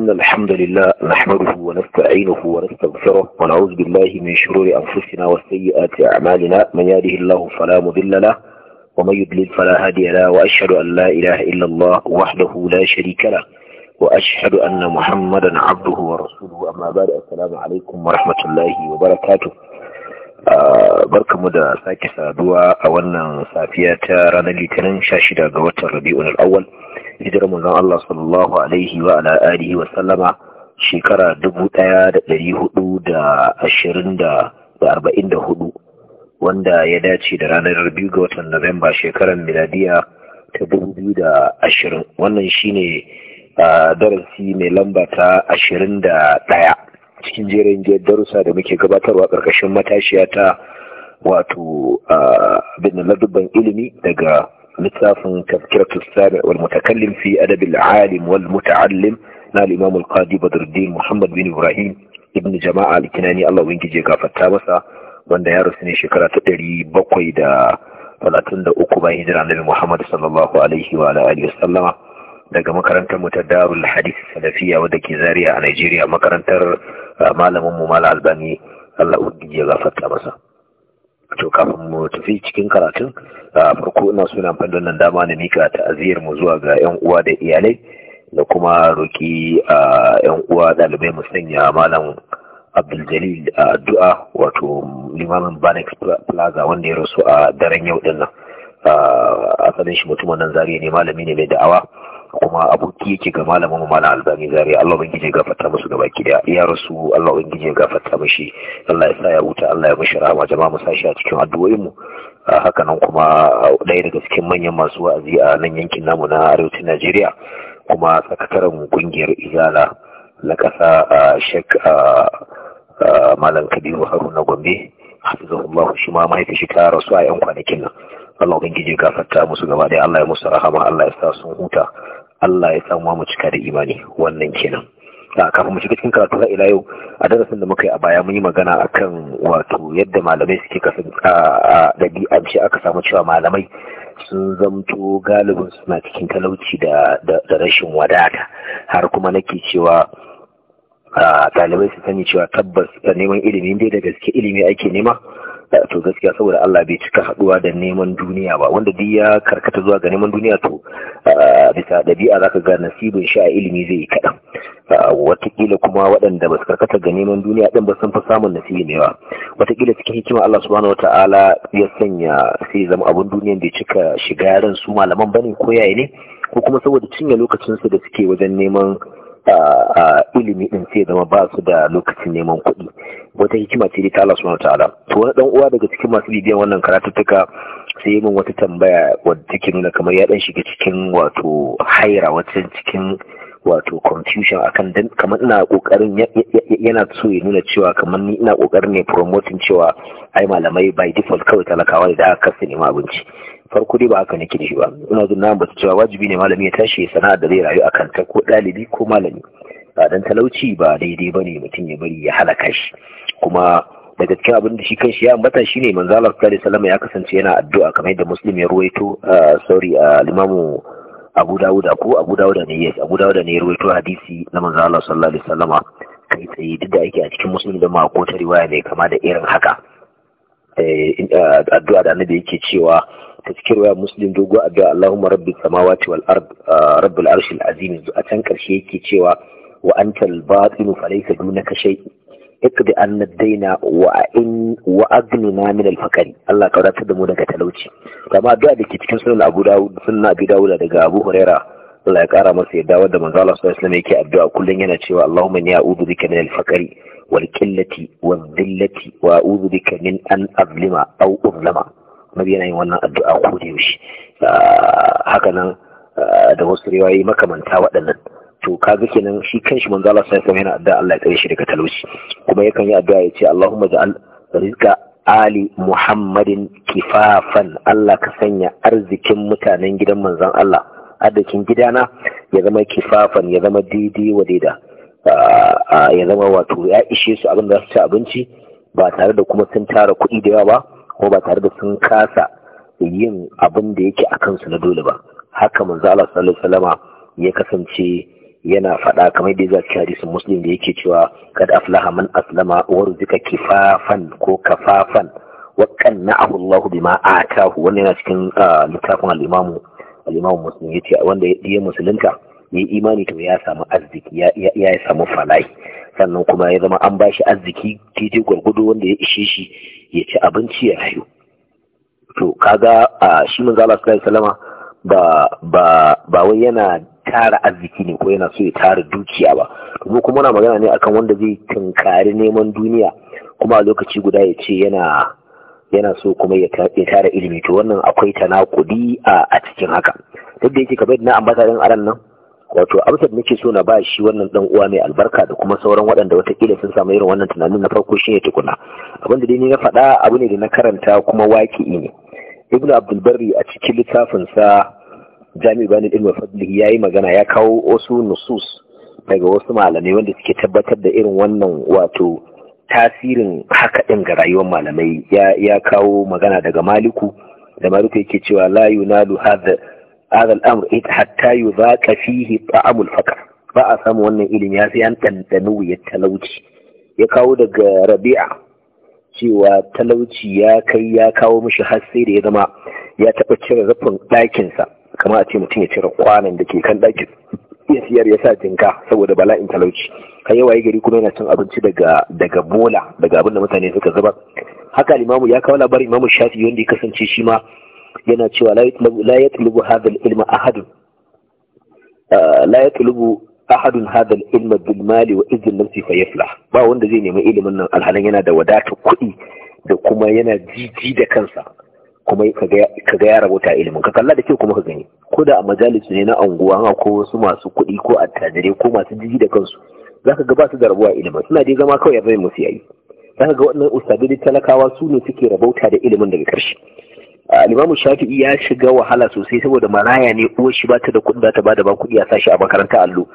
إن الحمد لله نحمده ونستعينه ونستغفره ونعوذ بالله من شرور أنفسنا وسيئات أعمالنا من يهده الله فلا مضل له ومن يضلل فلا هادي له وأشهد أن لا إله إلا الله وحده لا شريك له وأشهد أن محمدا عبده ورسوله أما بعد السلام عليكم ورحمة الله وبركاته barkamu da sake saduwa أولا سافية safiya ta ranar litinin 16 hijirar manzon Allah sallallahu alaihi wa ala alihi wa sallama shekara dubu ɗaya da ɗari hudu da ashirin da arba'in da hudu wanda ya dace da ranar biyu ga watan Nuwamba shekarar miladiya ta dubu biyu da ashirin wannan shine darasi mai lamba ta ashirin da ɗaya cikin jerin darussa da muke gabatarwa ƙarƙashin matashiya ta wato bin ladubban ilimi daga littafin tafkiratul sami wal mutakallim fi adabil alim wal muta'allim na al-imam al-qadi badruddin muhammad bin ibrahim ibn jama'a al-kinani Allah ubangiji ya gafarta masa wanda ya rasu ne shekara ta ɗari bakwai da talatin da uku bayan hijira nabi Muhammad sallallahu alaihi wa alihi daga makarantar mu ta Darul Hadith Salafiyya ke Zaria a Najeriya makarantar ah, malamin mu Malam Albani Allah ubangiji ya gafarta masa to kafin mu tafi cikin karatun a farko ina suna amfani wannan dama na mika ta'aziyar mu zuwa ga yan uwa da iyalai da kuma roki a yan uwa dalibai mu sanya malam Abdul a addu'a wato limamin Banex Plaza wanda ya rasu a daren yau din nan asalin shi mutumin nan zariya ne malami ne mai da'awa kuma aboki yake ga malamin mu malam albani zari Allah ban ya gafarta musu gaba da ya rasu Allah ban ya gafarta mishi Allah ya sa ya huta Allah ya mishi rahama jama'a mu sashi a cikin addu'o'in mu haka nan kuma ɗaya daga cikin manyan masu wa'azi a nan yankin namu na arewacin Najeriya kuma sakataren kungiyar izala na ƙasa a shek malam kabiru haruna gombe hafizahullah shi ma mahaifi shi ta rasu a yan kwanakin nan Allah ubangiji gafarta musu gaba da Allah ya musu rahama Allah ya sa sun huta Allah ya samu mu cika da imani wannan kenan a kafin mu shiga cikin karatu har ila yau a darasin da muka yi a baya mun yi magana akan wato yadda malamai suke kasance a shi aka samu cewa malamai sun zamto galibin suna cikin talauci da da rashin wadata har kuma nake cewa ɗalibai su sani cewa tabbas neman ilimi dai da gaske ilimi ake nema Eh, to gaskiya saboda Allah bai cika haduwa da neman duniya ba wanda duk ya karkata zuwa ga neman duniya to eh, bisa dabi'a zaka ga nasibin shi a ilimi zai yi kaɗan. Eh, watakila kuma waɗanda ba su karkata ga neman duniya din ba sun fi samun nasibi mai yawa watakila cikin hikima Allah subhanahu wataala ya sanya sai zama abun duniyan da cika shiga ran su malaman bane ko yaya ne ko kuma saboda cinye lokacin su da suke wajen neman a ilimi din sai zama ba su da lokacin neman kuɗi wata hikima ce ta Allah subhanahu wataala to wani dan uwa daga cikin masu bibiyan wannan karatuttuka sai min wata tambaya wadda take nuna kamar ya dan shiga cikin wato haira wata cikin wato confusion akan dan kamar ina kokarin yana so ya nuna cewa kamar ni ina kokarin ne promoting cewa ai malamai by default kawai talakawa da aka sani ma abinci farko dai ba haka nake da shi ba ina zuwa ba su cewa wajibi ne malami ya tashi sana'ar da zai rayu akan ta ko ɗalibi ko malami ba dan talauci ba daidai ba ne mutum ya bari ya halaka shi kuma daga cikin abin da shi kan shi ya ambata shi manzo Allah sallallahu alaihi ya kasance yana addu'a kamar yadda muslim ya ruwaito sorry limamu Abu Dawuda ko Abu Dawuda ne yes Abu Dawuda ne ruwaito hadisi na manzo Allah sallallahu alaihi wasallama kai tsaye duk da ake a cikin muslim da ma ko ta riwaya ne kama da irin haka eh, addu'a da annabi yake cewa a cikin ruwa muslim dogo a addu'a Allahumma rabbi samawati wal ard rabbul arshil azim a can karshe yake cewa wa antal batin fa laysa dunaka shay ikdi an daina wa in wa agnina min al fakari Allah ka wadatar da mu daga talauci amma addu'a da ke cikin sunan Abu Dawud sunan Abi Dawud daga Abu Huraira Allah ya kara masa yadda wanda manzo Allah sallallahu alaihi wasallam yake addu'a kullun yana cewa Allahumma inni a'udhu bika min al fakari wal qillati wal dhillati wa a'udhu bika min an azlima aw uzlama annabi yana yin wannan addu'a ko da yaushe ah, haka nan ah, da wasu riwayoyi makamanta waɗannan to ka kaga kenan shi kanshi manzo Allah sai kuma yana addu'a Allah ya tsare shi daga talauci kuma yakan yi addu'a ya ce Allahumma ja'al rizqa ali muhammadin kifafan Allah ka sanya arzikin mutanen gidan manzon Allah arzikin gidana ya zama kifafan ya zama daidai wa daida ah, ya zama wato ya ishe su abin da su ci abinci ba tare da kuma sun tara kuɗi da yawa ba ko ba tare da sun kasa yin abin da yake a kansu na dole ba haka manzo Allah sallallahu alaihi wasallam ya kasance yana faɗa kamar da zai su muslim da yake cewa kad aflaha man aslama wa ruzika kifafan ko kafafan wa qanna'ahu Allah bima atahu wannan yana cikin ah, littafin al-Imam al-Imam Muslim yace wanda ya musulunta yayi imani to ya samu arziki ya ya samu falai sannan kuma ya zama an bashi arziki titi gurgudu wanda ya ishe shi ya ci abinci ya rayu to kaga a shi manzo Allah sallallahu alaihi ba ba ba wai yana tara arziki ne ko yana so ya tara dukiya ba mu kuma muna magana ne akan wanda zai tunkari neman duniya kuma a lokaci guda ya ce yana so kuma ya tara ilimi to wannan akwai tanakudi a cikin haka duk da yake kamar na ambata din aran nan wato amsar nake so na ba shi wannan dan uwa mai albarka da kuma sauran waɗanda watakila sun samu irin wannan tunanin na farko shine tukuna abin da dai ni na faɗa abu ne da na karanta kuma waki ne ibn abdul barri a cikin littafin sa jami bani ilmi fadli yayi magana ya kawo wasu nusus daga wasu malamai wanda suke tabbatar da irin wannan wato tasirin haka din ga rayuwar malamai ya ya kawo magana daga maliku da maliku yake cewa la yunalu hadha hadha al-amr hatta yudhaqa fihi ta'am ba a samu wannan ilimi ya sai an ɗanɗano ya talauci ya kawo daga rabi'a cewa talauci ya kai ya kawo mishi har sai da ya zama ya taɓa cire rufin ɗakinsa kamar a ce mutum ya cire kwanan da ke kan ɗakin ya siyar ya sa jinka saboda bala'in talauci har yawa gari kuma yana cin abinci daga daga bola daga abin da mutane suka zuba haka limamu ya kawo labarin imamu shafi wanda ya kasance shi ma yana cewa la ya tulubu hadal ilma ahadun ah, la tulubu ahadun hadal ilma bil mali wa izin nafsi fa yaflah ba wanda zai nemi ilimin nan alhalin yana da wadatar kuɗi da kuma yana jiji da kansa kuma ka ga ya rabota ilimin ka kalla da kyau kuma ka gani ko da a majalis ne na anguwa ko wasu masu kuɗi ko attajire ko masu jiji da kansu za ka ga ba su da rabuwa ilimin suna dai zama kawai ya zai musu yayi za ka ga wannan ustadai talakawa su ne suke rabota da ilimin daga karshe limamu shafi'i ya shiga wahala sosai saboda maraya ne uwar shi bata da kuɗin da ta bada ba kuɗi a sashi a makaranta allo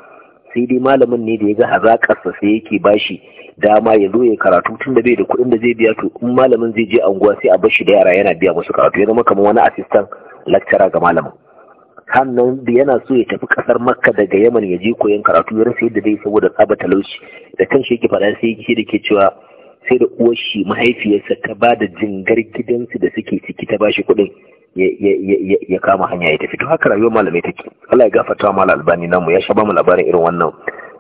sai dai malamin ne da ya ga hazaƙarsa sai yake bashi dama ya zo ya karatu tun da bai da kuɗin da zai biya to in malamin zai je anguwa sai a shi da yara yana biya musu karatu ya zama kamar wani assistant lecturer ga malamin hannan da yana so ya tafi kasar makka daga yaman ya je koyon karatu ya rasa yadda zai saboda tsaba talauci da kan shi yake faɗa sai yake da ke cewa sai da uwar shi mahaifiyarsa ta ba da jingar gidansu da suke ciki ta bashi kudin kuɗin ya kama hanya ya tafi to haka rayuwar malamai take Allah ya gafarta mala albani namu ya sha ba mu labarin irin wannan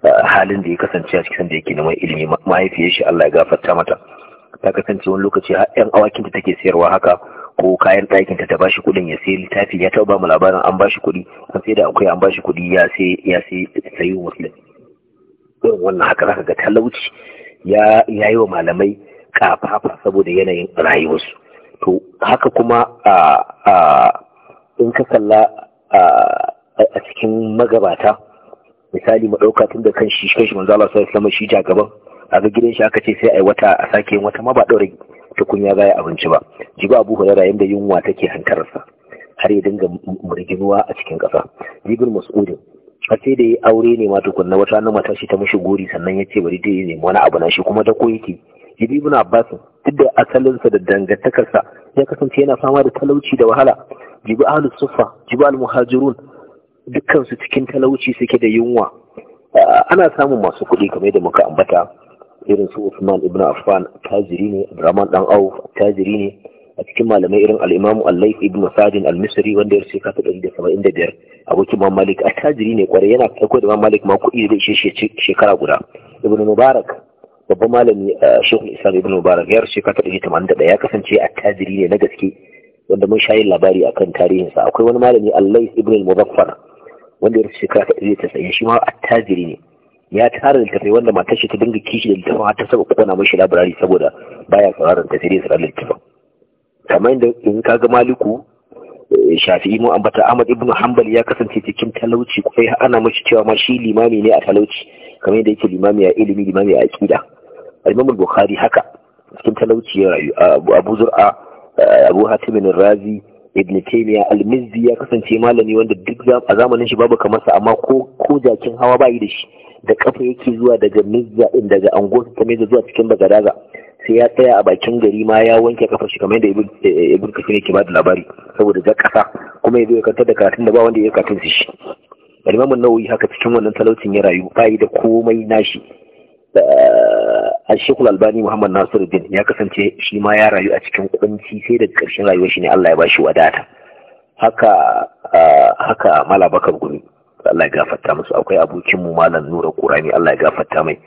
uh, halin da ya kasance a cikin da yake neman ilimi mahaifiyar shi Allah ya gafarta mata ta kasance wani lokaci yan awakin ta take sayarwa haka ko kayan ɗakin ta ta bashi kuɗin ya sayi littafi ya taɓa ba mu labarin an bashi kuɗi an sai da akwai an bashi kuɗi ya sai ya sai sayi muslim wannan haka zaka ga talauci ya yi wa malamai kafafa saboda yanayin rayuwarsu to haka kuma in ka kalla a cikin magabata misali maɗauka tun da kan shi kan manzo Allah sallallahu shi a ga gidan shi aka ce sai ai wata a sake yin wata ma ba daure tukunya zai abinci ba jibi Abu Hurairah da yunwa take hantararsa har ya dinga murginuwa a cikin ƙasa jibin mas'udin a sai da ya aure ne ma tukunna wata nan mata shi ta mishi gori sannan ya ce bari dai nemi wani abu na shi kuma da ko yake jibi ibn abbas duk da asalinsa da dangantakarsa ya kasance yana fama da talauci da wahala jibi ahlus suffa jibi al muhajirun dukkan cikin talauci suke da yunwa ah, ana samun masu kuɗi kamar da muka ambata irin su usman ibn Affan tajiri ne dan Auf tajiri ne a cikin malamai irin Al'imamu, Allai, Allah ibn Sadin al-Misri wanda ya rufe kafa 175 abokin mamalik Malik attajiri ne kwarai yana aiko da mamalik Malik ma kuɗi da ishe shekara guda Ibn Mubarak babban malami eh, Sheikh Isa ibn Mubarak ya rufe kafa 181 ya kasance attajiri ne na gaske wanda mun shayin labari akan tarihinsa akwai wani malami Allah ibn al wanda ya rufe shekara 190 shi ma attajiri ne ya tara littafai wanda matar shi ta dinga kishi da littafin har ta saba kona mashi labirari saboda baya tsararin ta sai littafin kamar da in ka ga maliku eh, shafi'i mu ambata ahmad ibnu hanbal ya kasance cikin talauci kai ana mashi cewa ma shi limami ne a talauci kamar yadda yake limami a ilimi limami a aqida al-imam bukhari haka cikin talauci ya rayu abu zur'a eh, abu hatim razi ibn taymiya al-mizzi ya kasance malami wanda duk a zamanin shi babu kamar sa amma ko ko jakin hawa bayi da shi da kafa yake zuwa daga mizza din daga angon ta mizza zuwa cikin bagadaga sai ya tsaya a bakin gari ma ya wanke kafa shi kamar yadda ibn eh, kafin yake ba da labari saboda ga kasa kuma ya ya kanta da karatun da ba wanda ya karatun shi al-imam an-nawawi haka cikin wannan talaucin ya rayu bai da komai nashi eh, al-shekul albani muhammad nasiruddin ya kasance shi ma ya rayu a cikin kunci sai daga karshen rayuwar shi ne Allah ya bashi wadata haka eh, haka mala gumi Allah ya gafarta musu akwai abokin mu malam Nura Qurani Allah ya gafarta mai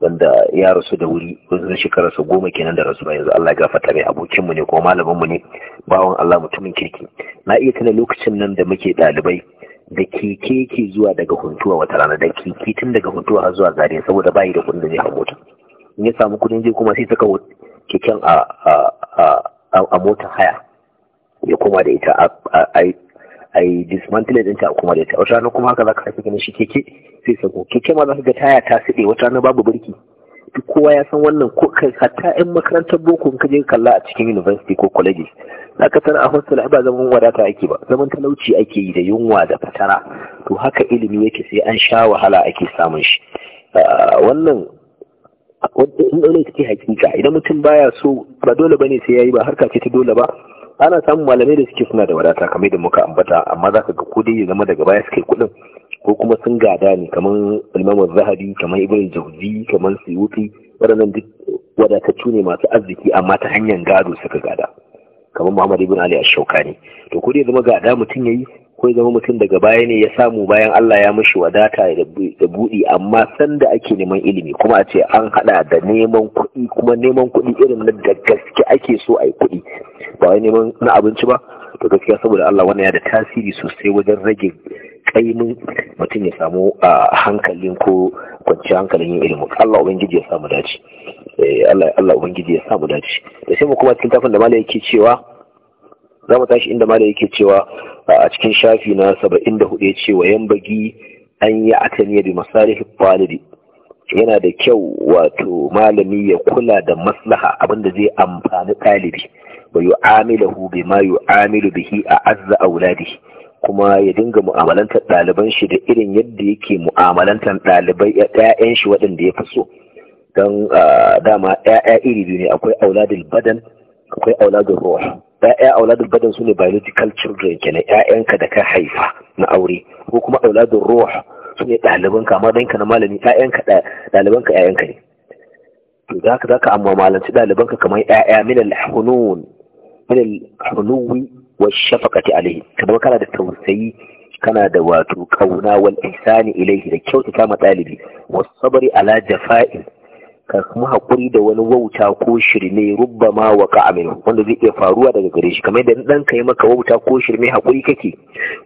wanda ya rasu da wuri wajen shekararsa goma kenan da rasu yanzu Allah ya gafarta mai abokin mu ne ko malamin mu ne bawon Allah mutumin kirki na iya tana lokacin nan da muke dalibai da keke ke zuwa daga huntuwa wata rana da keke tun daga huntuwa har zuwa zare saboda bayi da kudin da a mota in ya samu kudin je kuma sai saka keken a a a a haya ya kuma da ita a a yi dismantling ɗinta a kuma da ita wata kuma haka za ka haifi ganin shi keke sai sako keke ma za ka ga taya ta siɗe wata rana babu birki duk kowa ya san wannan ko kai hatta yan makarantar boko in ka je kalla a cikin university ko kwaleji. za ka san a hostel ba zaman wadata ake ba zaman talauci ake yi da yunwa da fatara to haka ilimi yake sai an sha wahala ake samun shi ah, wannan in ɗaune take hakika idan mutum baya so ba dole bane sai yayi ba harka ce ta dole ba ana samun malamai da suke suna da wadata kamar da muka ambata amma za ka ga ko dai ya zama daga baya suke kuɗin ko kuma sun gada ne kamar ilmamar zahabi kamar ibrahim jauzi kamar suyuti waɗannan duk wadatattu ne masu arziki amma ta hanyar gado suka gada kamar muhammad ibn ali ash ne. to ko dai zama gada mutum ya yi. ko zama mutum daga baya ne ya samu bayan Allah ya mashi wadata da buɗi amma sanda ake neman ilimi kuma a ce an haɗa da neman kuɗi kuma neman kuɗi irin na da gaske ake so a yi kuɗi ba wai neman na abinci ba to gaskiya saboda Allah wannan ya da tasiri sosai wajen rage kaimin mutum ya samu a hankalin ko kwanciyar hankalin yin ilimin Allah ubangiji ya samu dace eh, Allah ubangiji ya samu dace da sai mu kuma cikin tafin da malai yake cewa za mu tashi inda malai yake cewa a cikin shafi na saba'in da hudu ya ce wa yan bagi an yi ataniya bi masarihin talibi yana da kyau wato malami ya kula da maslaha abinda zai amfani ɗalibi bai ma yi yu'amilu bihi a azza auladi kuma ya dinga mu'amalantar ɗaliban shi da irin yadda yake mu'amalantar ɗalibai ɗayan shi waɗanda ya fi so don ah, dama ɗaya iri biyu ne akwai auladin badan akwai auladin ruwa. ya'ya auladul badan su ne biological children kenan ya'yanka da ka haifa na aure ko kuma auladul Ruwa su ne ɗalibanka amma ɗanka na malami ya'yanka ɗalibanka ya'yanka ne to da haka zaka amma malanci ɗalibanka kamar ya'ya min al-hunun min al-hunuwi wa shafaqati alayhi kamar kana da tausayi kana da wato kauna wal ihsani ilayhi da kyautata ma ɗalibi was sabri ala jafa'in ka kuma da wani wauta ko shirme rubba ma wa ka'amin wanda zai iya faruwa daga gare shi kamar da dan ka yi maka wauta ko shirme hakuri kake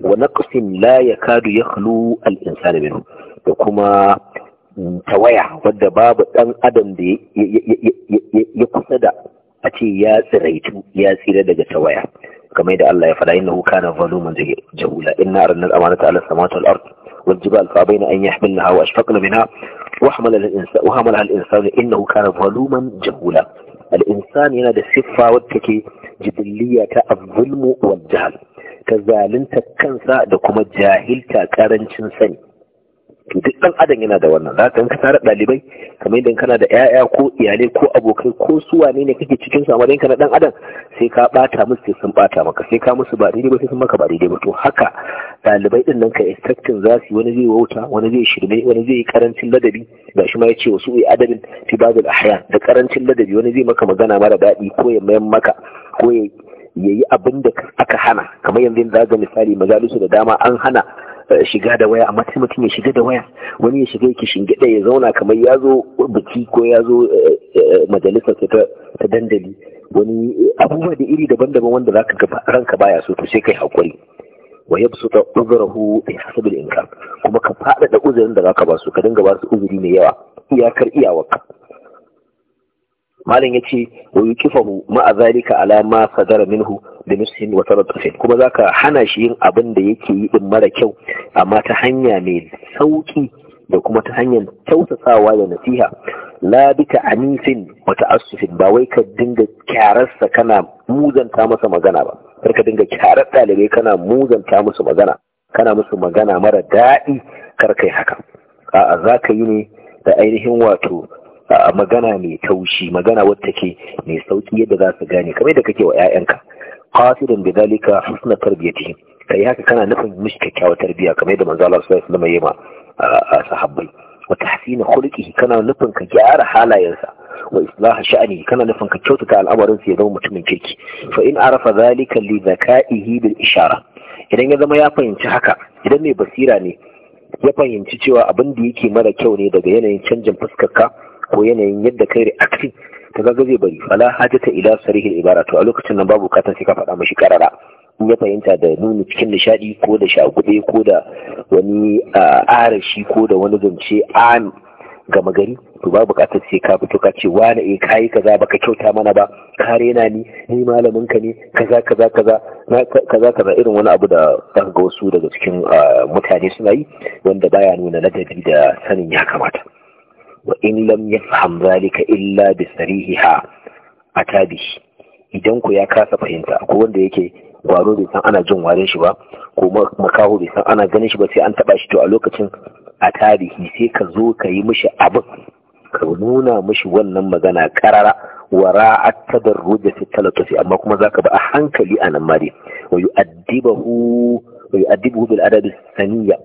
wa naqsin la yakadu yakhlu al insanu minhu da kuma mm, tawaya wadda babu ɗan adam da ya kusa da a ce ya tsiraitu ya tsira daga tawaya kamar da Allah ya faɗa innahu kana zaluman jahula inna arnal amanata ala samawati wal ard والجبال فأبين أن يحملنها وأشفقن منها وحمل الإنسان, وحملها الإنسان إنه كان ظلوما جهولا الإنسان ينادى الصفة والتكي جبلية الظلم والجهل كذلك كنسا دكما جاهل كارنشن سني to duk dan adam yana da wannan zaka in ka tare dalibai kamar idan kana da yaya ko iyalai ko abokai ko su wane ne kake cikin su amma ka na dan adam sai ka bata musu sai sun bata maka sai ka musu ba daidai ba sai sun maka ba daidai ba to haka dalibai din nan ka expecting za su wani zai wauta wani zai shirme wani zai karancin ladabi shi ma yace wasu adabin fi ahya da karancin ladabi wani zai maka magana mara daɗi ko ya mayan maka ko ya yi abin da aka hana kamar yanzu za ga misali majalisu da dama an hana shiga da waya amma sai mutum ya shiga da waya wani ya shiga yake shingida ya zauna kamar ya zo biki ko ya zo eh, eh, majalisa ta dandali wani eh, abubuwa da iri daban-daban wanda za ka gaba, ranka baya so to sai kai hakuri wa yabsuta uzrahu bi hasabil imkan kuma ka faɗaɗa uzurin da za ka ba su ka dinga ba su uzuri mai yawa iyakar iyawarka malam ya ce wa yukifahu ma'a zalika ala ma sadara minhu da nushin wata taratufin kuma ka hana shi yin abin da yake yi in mara kyau amma ta hanya mai sauki da kuma ta hanyar tausasawa da nasiha la bika anifin wa ta'assufin ba wai ka dinga kyararsa kana muzanta masa magana ba kar ka dinga kyarar ɗalibai kana muzanta musu magana kana musu magana mara daɗi kar kai haka a'a za ka yi ne da ainihin wato magana mai taushi magana wadda ke mai sauki yadda za su gane kamar da kake wa 'ya'yanka qasidan bi dalika husna tarbiyatihi kai haka kana nufin mishi kyakkyawar tarbiya kamar yadda manzo Allah sallallahu alaihi wasallam ya sahabbai wa tahsin kana nufin ka gyara halayensa wa islah sha'ani kana nufin ka kyautata al'amarin sa ya zama mutumin kirki fa in arafa zalika li zaka'ihi bil ishara idan ya zama ya fahimci haka idan mai basira ne ya fahimci cewa abin da yake mara kyau ne daga yanayin canjin fuskarka ko yanayin yadda kai reacting ta ga zai bari fala hajata ila sarihil ibara to a lokacin nan babu katan sai ka faɗa mashi karara in ya fahimta da nuni cikin nishadi ko da shagube ko da wani arashi ko da wani zance an gama gari to babu bukatar sai ka fito ka ce wani eh kayi kaza baka kyauta mana ba ka rena ni ni malamin ka ne kaza kaza kaza kaza kaza irin wani abu da zaka ga wasu daga cikin mutane suna yi wanda baya nuna ladabi da sanin ya kamata وإن لم يفهم ذلك إلا بصريحها أتى idan ku ya kasa fahimta ko wanda yake gwaro bai san ana jin warin shi ba ko makaho bai san ana ganin shi ba sai an taba shi to a lokacin a tarihi sai ka zo ka yi mishi abu ka nuna mishi wannan magana karara wara ra'at tadarruj fi talatufi amma kuma zaka ba a hankali anan mare wa yu'addibahu wa yu'addibuhu bil adab as-saniyya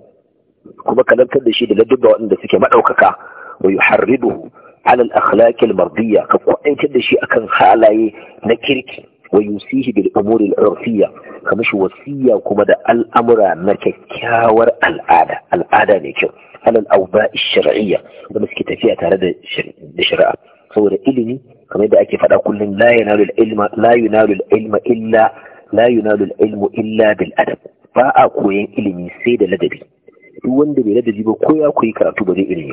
kuma kalantar da shi da ladabba waɗanda suke maɗaukaka ويحرضه على الأخلاق المرضية كقوان شيء أكن خالي نكرك ويوسيه بالأمور العرفية كمش وصية وكمدى الأمر نككاور العادة العادة نكو على الأوباء الشرعية ومسك فيها تارد شرع صور إلني كما يبقى كيف أقول لا ينال العلم لا ينال العلم إلا لا ينال العلم إلا بالأدب ba a koyan ilimi sai da ladabi duk wanda bai ladabi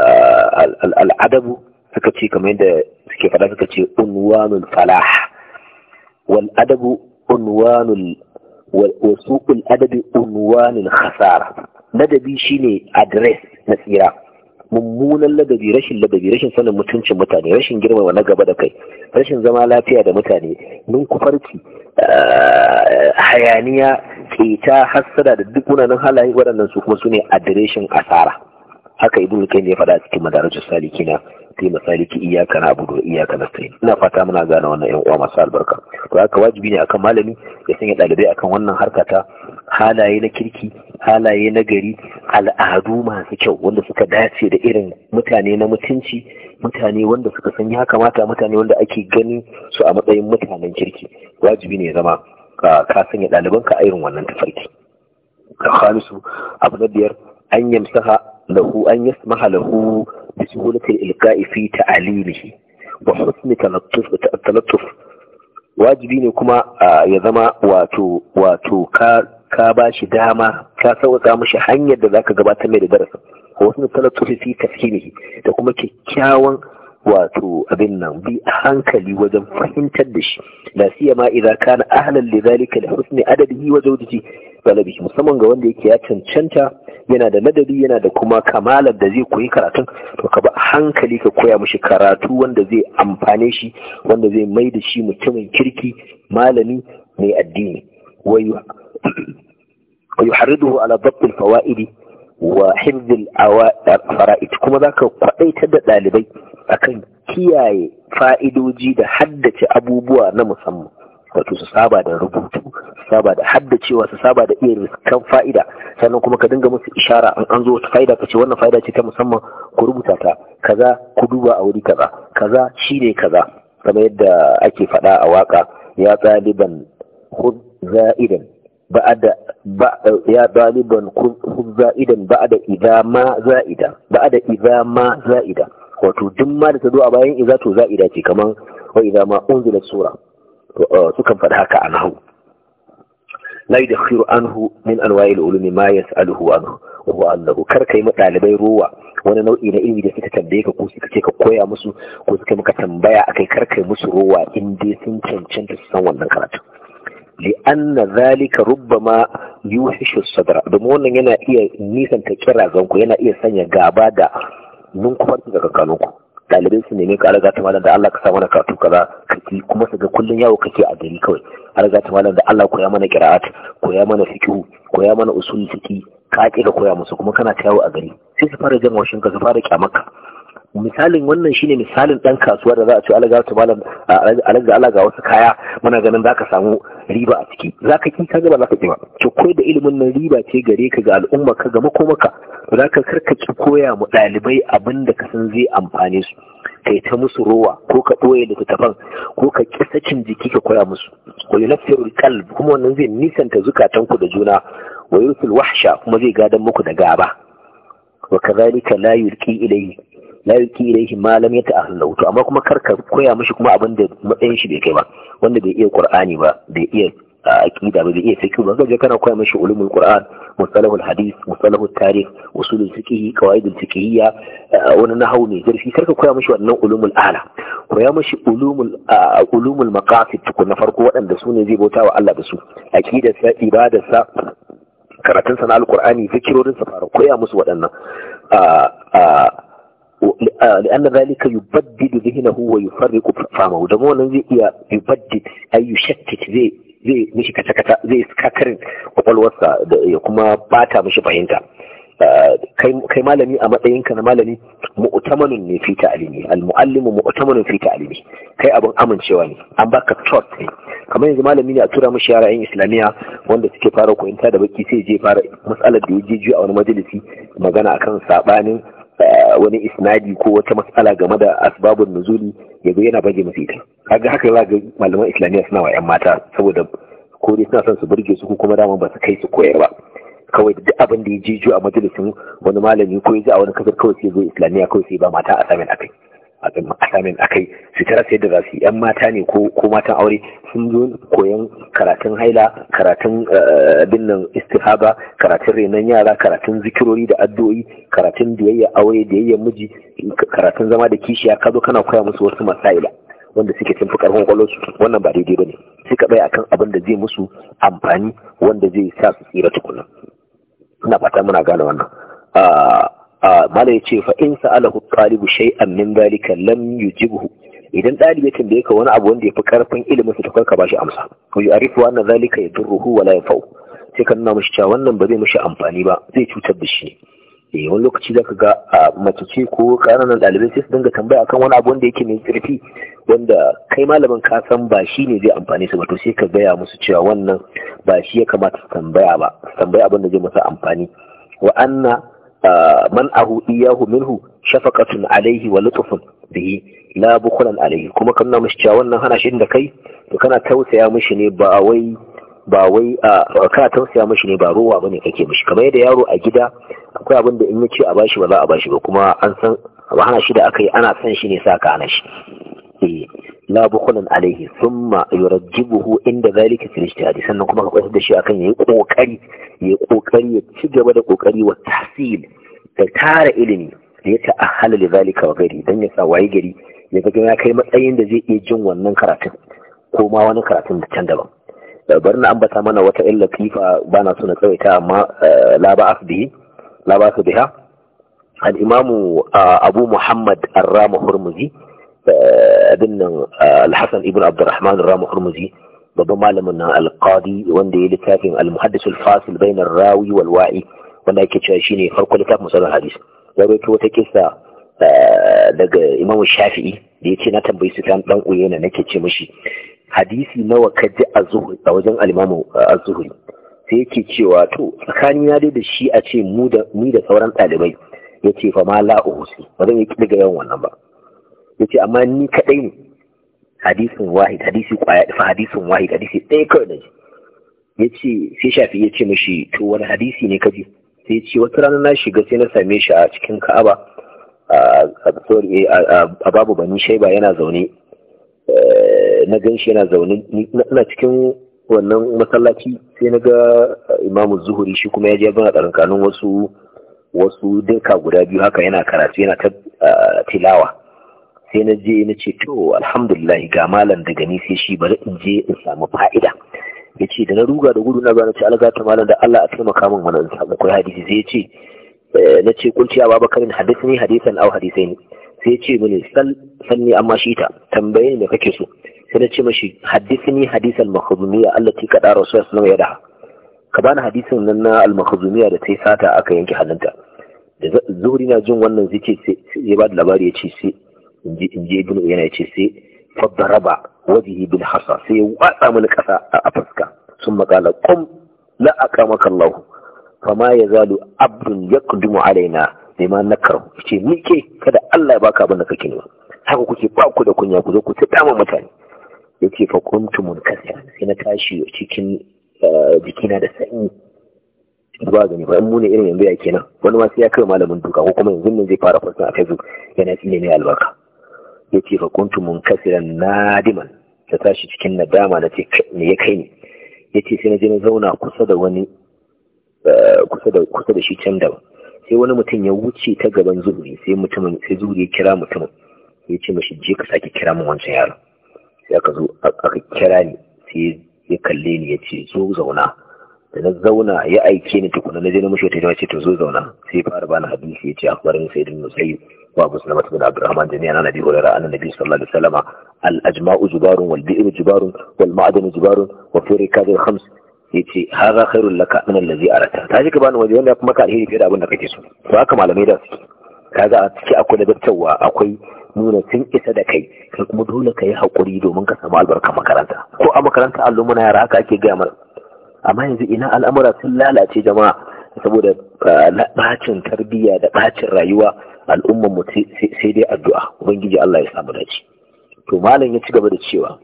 al'adabu suka ce kamar yadda suke faɗa suka ce unwanul falah wal adabu unwanul wasu adabi unwanul khasara ladabi shine adres na tsira mummunan ladabi rashin ladabi rashin sanin mutuncin mutane rashin girmama na gaba da kai rashin zama lafiya da mutane kufarci eh, hayaniya keta hassada da duk munanan halaye waɗannan su kuma su ne adireshin asara haka ibn ne ya faɗa cikin saliki salikina kai masaliki iyyaka na'budu wa iyyaka nasta'in ina fata muna gane wannan yan uwa masu albarka to haka wajibi ne akan malami ya sanya ɗalibai akan wannan harka halaye na kirki halaye na gari al'adu masu kyau wanda suka dace da irin mutane na mutunci mutane wanda suka san ya kamata mutane wanda ake ganin su a matsayin mutanen kirki wajibi ne ya zama ka sanya ka a irin wannan tafarki. Khalisu abu na biyar an yamsaha lahu an yasmaha lahu bi suhulatil ilqa'i fi ta'limihi wa husni talattuf talattuf wajibi ne kuma ya zama wato ka ka ba shi dama ka sauƙa mashi hanyar da zaka gabata mai da darasin wa husni talattuf fi tafhimihi da kuma kyakkyawan wato abin nan bi a hankali wajen fahimtar da shi la siyama idza kana ahlan li dhalika li husni adadihi wa zawjihi galibi musamman ga wanda yake ya cancanta yana da ladabi yana da kuma kamalar da zai koyi karatun to ka ba hankali ka koya mishi karatu wanda zai amfane shi wanda zai mai da shi mutumin kirki malami mai addini wa yuharriduhu ala dabtil fawaidi wa hifdil fara'id kuma zaka kwadaitar da dalibai akan kiyaye fa'idoji da haddace abubuwa na musamman wato su saba da rubutu su saba da hadda cewa, su saba da iya riskan fa'ida sannan kuma ka dinga musu ishara an an zo wata fa'ida ka ce wannan fa'ida ce ta musamman ku rubuta ta kaza ku duba a wuri kaza kaza shine kaza kamar yadda ake faɗa a waka ya ɗaliban khud za'idan ba'ada ba ya ɗaliban khud za'idan ba'ada idza ma za'ida ba'ada idza ma za'ida wato duk ma da ta zo a bayan idza to za'ida ce kamar wa idza ma unzila sura sukan faɗi haka a nahu la yudkhiru anhu min anwa'il ulumi ma yas'aluhu anhu wa huwa annahu kar kai ma dalibai ruwa wani nau'i na ilimi da suka tambaye ka ko suka ce ka koya musu ko suka maka tambaya akai kar kai musu ruwa in dai sun cancanta su san wannan karatu anna zalika rubbama yuhishu sadra domin wannan yana iya nisan ta nisanta zanku yana iya sanya gaba da nunkufarki daga kanunku ɗalibai su nemi ka alaga malam da Allah ka sa mana karatu kaza kake kuma su ga kullun yawo kake a gari kawai alaga malam da Allah koya mana qira'at koya mana fikihu koya mana usul fiqh ka ka koya musu kuma kana ta yawo a gari sai su fara jan washin ka su fara kyamaka misalin wannan shine misalin dan kasuwa da za a ce alaga ta malam alaga alaga wasu kaya muna ganin zaka samu riba a ciki zaka ki ka ba zaka ki ba to koi da ilimin nan riba ce gare ka ga al'umma ka ga makomaka zaka ki koya mu dalibai abin da ka san zai amfane su kai ta musu rowa ko ka da littattafan ko ka kisacin jiki ka koya musu wa yunaffiru qalb kuma wannan zai nisanta zukatan ku da juna wa yursil wahsha kuma zai gadan muku da gaba wa layi la yulqi ilayhi la yuki ilaihi ma lam yata ahlu to amma kuma karka koya mishi kuma abin da matsayin shi bai kai ba wanda bai iya qur'ani ba bai iya aqida ba bai iya fiqh ba kaje kana koya mishi ulumul qur'an musalahul hadith musalahul tarikh usulul fiqh qawaidul fiqhiyya wani nahwu ne Kar karka koya mishi wannan ulumul ala koya mishi ulumul ulumul maqasid tukun farko wadanda su ne zai bautawa Allah da su aqidarsa ibadarsa karatunsa na alkur'ani fikirorinsa fara koya musu waɗannan لأن ذلك يبدد ذهنه ويفرق فهمه ده مو نزي يبدد أي يشتت ذي zai mishi kata-kata zai kakarin kwakwalwarsa ya kuma bata mishi fahimta kai malami a matsayinka na malami mu'tamanun ne fi ta'alimi kai abin amincewa ne an baka ne kamar yanzu malami ne a tura mishi yara yan islamiya wanda suke fara koyinta da baki sai je fara matsalar da ya je a wani majalisi magana akan sabanin wani isnadi ko wata matsala game da asbabun nuzuli ya zo yana bage masu ita kaga haka za ga malaman islamiyya suna wa 'yan mata saboda ko dai suna son su burge su kuma daman ba su kai su koyar ba kawai duk abin da ya jijo a majalisin wani malami ko ya ji a wani kasar kawai sai zo islamiyya kawai sai ba mata a samin akai A asamin akai su tara sai da zasu yan mata ne ko ko matan aure sun zo koyan karatun haila karatun eh, abin nan istihaba karatun renon yara karatun zikirori da addu'o'i karatun biyayya aure biyayya miji karatun zama da kishiya ka zo kana koya musu wasu masaila wanda suke cin fi karfin su wannan ba daidai bane suka bai akan abin da zai musu amfani wanda zai sa su tsira tukuna ina fata muna gane wannan ah, mana ya ce fa'in sa'alahu ɗalibu shay'an min dalika lam yujibhu idan ɗalibi ya ka wani abu wanda ya fi ƙarfin ilimin su tukar ka ba shi amsa ko yi arifu wannan zalika ya durruhu wala ya fau sai ka nuna mashi cewa wannan ba zai mashi amfani ba zai cutar da shi eh wani lokaci zaka ga a mace ko ƙananan ɗalibai sai su dinga tambaya akan wani abu wanda yake mai tsirfi wanda kai malamin ka san ba shi ne zai amfani su ba to sai ka gaya musu cewa wannan ba shi ya kamata su tambaya ba su tambaya abin da zai masa amfani wa anna man ahu iyahu minhu shafaqatun alaihi wa lutfun bihi la bukhlan alaihi kuma kan na mishi wannan hana shi da kai to kana tausaya mishi ne ba wai ba wai kana tausaya ne ba ruwa bane kake mishi kamar yadda yaro a gida akwai abin da in ya ce a bashi ba za a bashi ba kuma an san hana shi da akai ana san shi ne sa ka hana shi la bukhulan alaihi thumma yurajjibuhu inda zalika fil ijtihad sannan kuma ka kwaitar da shi akan yayi kokari yayi kokari ya ci gaba da kokari wa tahsil da tara ilimi da ya ta'ahala li zalika wa gari dan ya sa waye gari ya ga ya kai matsayin da zai iya jin wannan karatun ko ma wani karatun da can daban eh, na ambata mana wata illa latifa ba na so na tsawaita amma eh, la ba bihi la ba su biha al-imamu ah, abu muhammad ar-rama hurmuzi abin nan alhassan ibn abdurrahman ramu hurmuzi babban malamin nan alqadi wanda ya littafin almuhaddisul fasil bainar rawi wal wa'i wanda yake cewa shine farko littafin musallar hadis ya rawaito wata kissa daga imamu shafi'i da ya ce na tambayi su kan dan uyena nake ce mishi hadisi nawa ka ji a zuhuri a wajen alimamu a sai yake cewa to tsakani na dai da shi a ce mu da ni da sauran ɗalibai ya ce fa ma la'uhusi ba zan yi kiɗiga yawan wannan ba yace amma ni kadai ne hadisin wahid hadisi kwaya fa hadisin wahid hadisi ɗaya kawai da shi yace sai shafi yace mishi to wani hadisi ne kaji sai ce wata rana na shiga sai na same shi a cikin Ka'aba a eh, babu bani shaiba yana zaune eh, na gan yana zaune na cikin wannan masallaci sai na ga imamu zuhuri shi kuma ya je bin a wasu wasu dinka guda biyu haka yana karatu yana ta tilawa sai na je na ce to alhamdulillah ga malam daga ni sai shi bari in je in samu fa'ida ya ce da na ruga da gudu na zuwa na ce ta malam da Allah a taimaka min wani in samu kai hadisi sai ya ce eh, na ce kulci ya baba karin ne hadisan au hadisai sai ya ce mini sanni amma shi ta tambaye ni me kake so sai na ce mashi ne hadisan makhzumiya allati qada rasul sallallahu alaihi wasallam ka bani hadisin nan na al-makhzumiya da sai sata aka yanke hannunta da zuhri na jin wannan zike sai ya ba da labari ya ce in je ibn yana ce sai fadaraba wajihi bil hasa sai watsa mini kasa a fuska sun makala kum la aqamaka Allah ma yazalu abdun yaqdumu alaina bima nakar ce mike kada Allah ya baka abin da kake ne haka kuke ba ku da kunya ku zo ku ta ma mutane yake fa kuntu munkasiya sai na tashi cikin eh, jikina da sanyi ba gani ba in mune irin yanzu ya kenan wani ma sai ya kai malamin duka ko kuma yanzu ne zai fara fasin a Facebook yana tsine ne albarka yace fa kuntu na nadiman ta tashi cikin nadama na ce ya kai ni ce sai na je na zauna kusa da wani eh, kusa da kusa shi can da sai wani mutum ya wuce ta gaban zuri sai mutumin sai zuri ya kira mutumin ya ce mashi je ka sake kira mun wancan yaron sai aka zo aka kira ni sai ya kalle ni ya ce zo zauna da na zauna ya aike ni tukuna na je na mushi ta ce to zo zauna sai fara bani hadisi yace akbarin sayyidin musayyib wa abu sulaiman bin abdurrahman jami'a na nabi hurairah anna nabi sallallahu alaihi wasallam al ajma'u jubarun wal bi'ru jubarun wal ma'danu Jibarun, wa fi rikab al khams yace hadha khairul laka min allazi arata ta ji ka bani waje wanda ya fi maka alheri fiye da abin da kake so to haka malamai da suke kaga a ciki akwai nagartawa akwai nuna sun isa da kai kai kuma dole ka yi haƙuri domin ka samu albarkar makaranta ko a makaranta allo muna yara haka ake gaya mana amma yanzu ina al'amura sun lalace jama'a saboda ah, bacin tarbiyya da bacin rayuwa al'umman mu sai dai addu'a ubangiji Allah ya samu dace to malam ya cigaba da cewa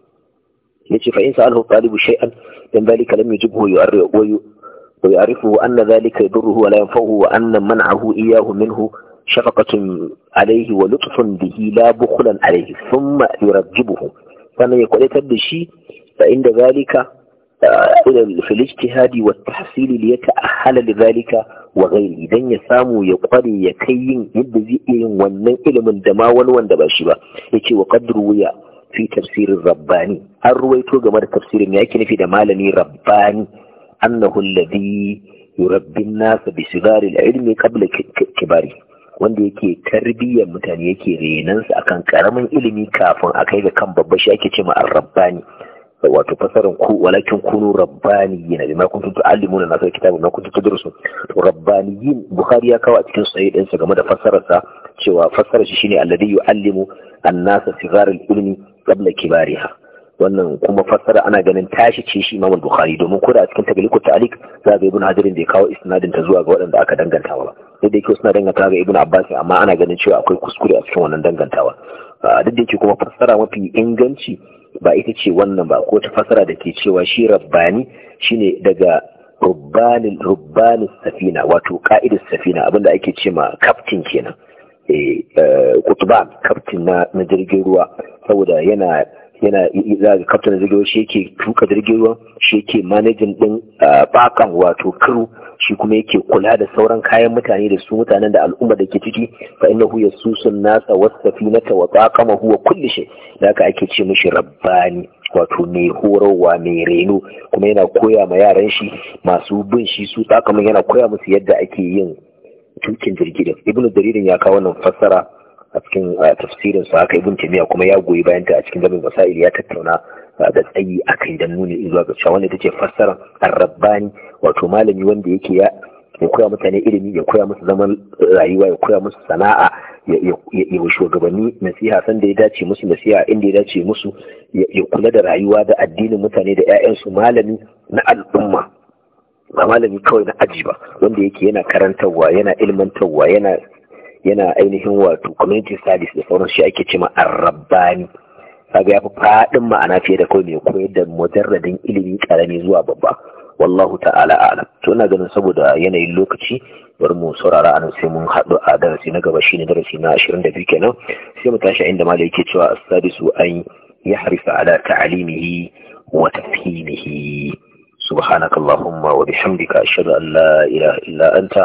yace fa in sa'alhu talibu shay'an dan dalika lam yujibhu yu'arrihu wa ya'rifu anna dhalika yadurruhu wa la yanfa'uhu wa anna man'ahu iyyahu minhu شفقة عليه ولطف به لا بخلا عليه ثم يرجبه فمن يقول تبدي فإن ذلك irin filijtihadi wa tahsili li yata'ahhala li zalika wa ghairi ya samu ya kware ya kai yin yadda zai iya yin wannan ilimin da ma wani wanda ba shi ba yace wa qadru ya fi tafsirin rabbani an ruwaito game da tafsirin yake nufi da malami rabbani annahu alladhi yurabbi an-nas bi sigar al-ilm qabla kibari wanda yake tarbiyyar mutane yake renonsa akan karamin ilimi kafin a kai ga kan babba shi ake ce ma rabbani wato fasarin ku walakin kunu rabbaniyin bima kuntum tu'allimuna nasa kitabu ma kuntum tadrusu to rabbaniyin bukhari ya kawo a cikin sahih din sa game da fasarar sa cewa fasarar shi shine alladhi yu'allimu an-nasa sigar al-ilmi qabla kibariha wannan kuma fassara ana ganin tashi ce shi Imam Bukhari domin ko da a cikin ta ta'liq za ga Ibn Hajar da ya kawo isnadin ta zuwa ga waɗanda aka dangantawa ba sai da yake suna danganta ga Ibn Abbas amma ana ganin cewa akwai kuskure a cikin wannan dangantawa ah, duk da yake kuma fassara mafi inganci ba ita ce wannan ba ko ta fasara da ke cewa shi rabbani shine daga rubbanin safina wato ka'idar safina abinda ake ce ma kaftin kenan eh kutuba eh, kaftin na jirgin ruwa saboda yana yana za ga kaftan jirgin ruwa shi yake tuka jirgin ruwa shi yake manajin din bakan wato kuru shi kuma yake kula da sauran kayan mutane da su mutanen da al'umma da ke ciki fa innahu yasusun nasa wasafinata wa taqama huwa kulli shay da haka ake ce mishi rabbani wato mai horarwa mai reno kuma yana koya ma yaran shi masu bin shi su takamin yana koya musu yadda ake yin tukin jirgin ibnu daririn ya kawo nan fassara a cikin tafsirin sa haka ibn taymiya kuma ya goyi bayan ta a cikin jami'in wasa'il ya tattauna da tsayi akan dan nuni zuwa ga cewa wanda ce fassara ar-rabbani wato malami wanda yake ya koya mutane ilimi ya koya musu zaman rayuwa ya koya musu sana'a ya shugabanni nasiha san da ya dace musu nasiha inda ya dace musu ya kula da rayuwa da addinin mutane da 'ya'yansu malami na al'umma ba malami kawai na aji ba wanda yake yana karantarwa yana ilmantarwa yana yana ainihin wato community service da sauran shi ake cema arrabbani kaga yafi faɗin ma'ana fiye da kawai mai koyar da mujarradin ilimi karami zuwa babba wallahu ta'ala a'lam to ina ganin saboda yanayin lokaci bari mu saurara anan sai mun haɗu a darasi na gaba shine darasi na 22 kenan sai mu tashi inda malai yake cewa astadisu sadisu an yahrisa ala ta'limihi wa tafhimihi subhanakallahumma wa bihamdika ashhadu an la ilaha illa anta